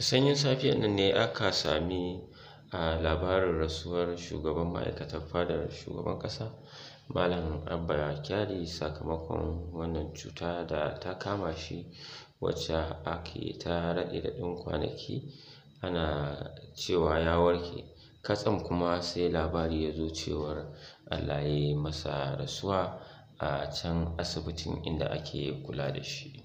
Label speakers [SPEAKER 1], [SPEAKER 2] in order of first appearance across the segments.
[SPEAKER 1] Sanyin safiyar nan ne aka sami, a labarin rasuwar shugaban ma'aikatar fadar shugaban Kasa. Malam Abba Kyari sakamakon wannan cuta da ta kama shi wacce ake ta raɗe daɗin kwanaki ana cewa ya warke. Katsam kuma sai labari ya zo cewar Allah ya yi masa rasuwa a can asibitin inda ake kula da shi.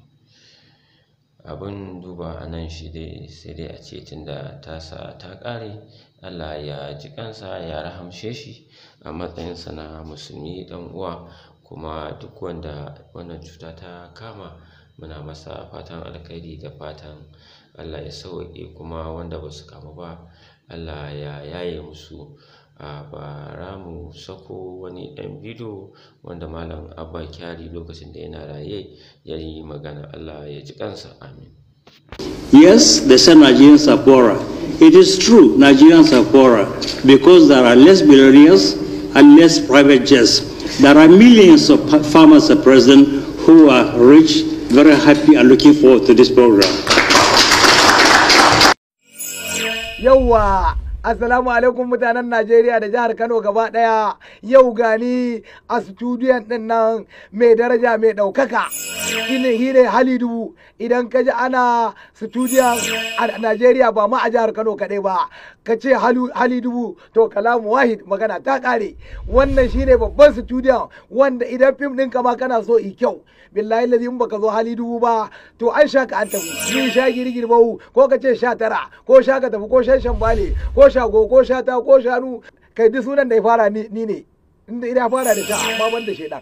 [SPEAKER 1] Abin duba a nan shi dai sai dai a ce tunda tasa ta ƙare, Allah ya ji ƙansa ya rahamshe shi a matsayinsa na musulmi ɗan uwa kuma duk wanda wannan cuta ta kama muna masa fatan alkhairi da fatan Allah ya sauwaƙe kuma wanda ba su kamu ba Allah ya yaye musu. a bara mu sako wani ɗan bidiyo wanda Malam Abba Kyari lokacin da yana raye ya yi magana Allah ya ji kansa amin.
[SPEAKER 2] Yes, they say Nigerians are poorer. It is true, Nigerians are poorer because there are less billionaires and less private jets. There are millions of farmers at present who are rich, very happy and looking forward to this program.
[SPEAKER 3] Yawa! Assalamu alaikum mutanen Najeriya da jihar Kano gaba ɗaya yau gani a studiyon ɗin nan mai daraja mai ɗaukaka. hine hali dubu idan ka ji ana studio a Najeriya ba ma a jihar Kano kaɗai ba ka ce hali dubu to kalamu wahid magana ta ƙare wannan shine babban studio wanda idan fim ɗin ka ma kana so i kyau billahi lazi in baka zo hali dubu ba to an sha ka an tafi yin sha girgir bau ko ka ce sha tara ko sha ka tafi ko shan shambale ko shago ko sha ta ko shanu kai duk sunan da ya fara ni ne inda ina fara da sha amma ban da shaidan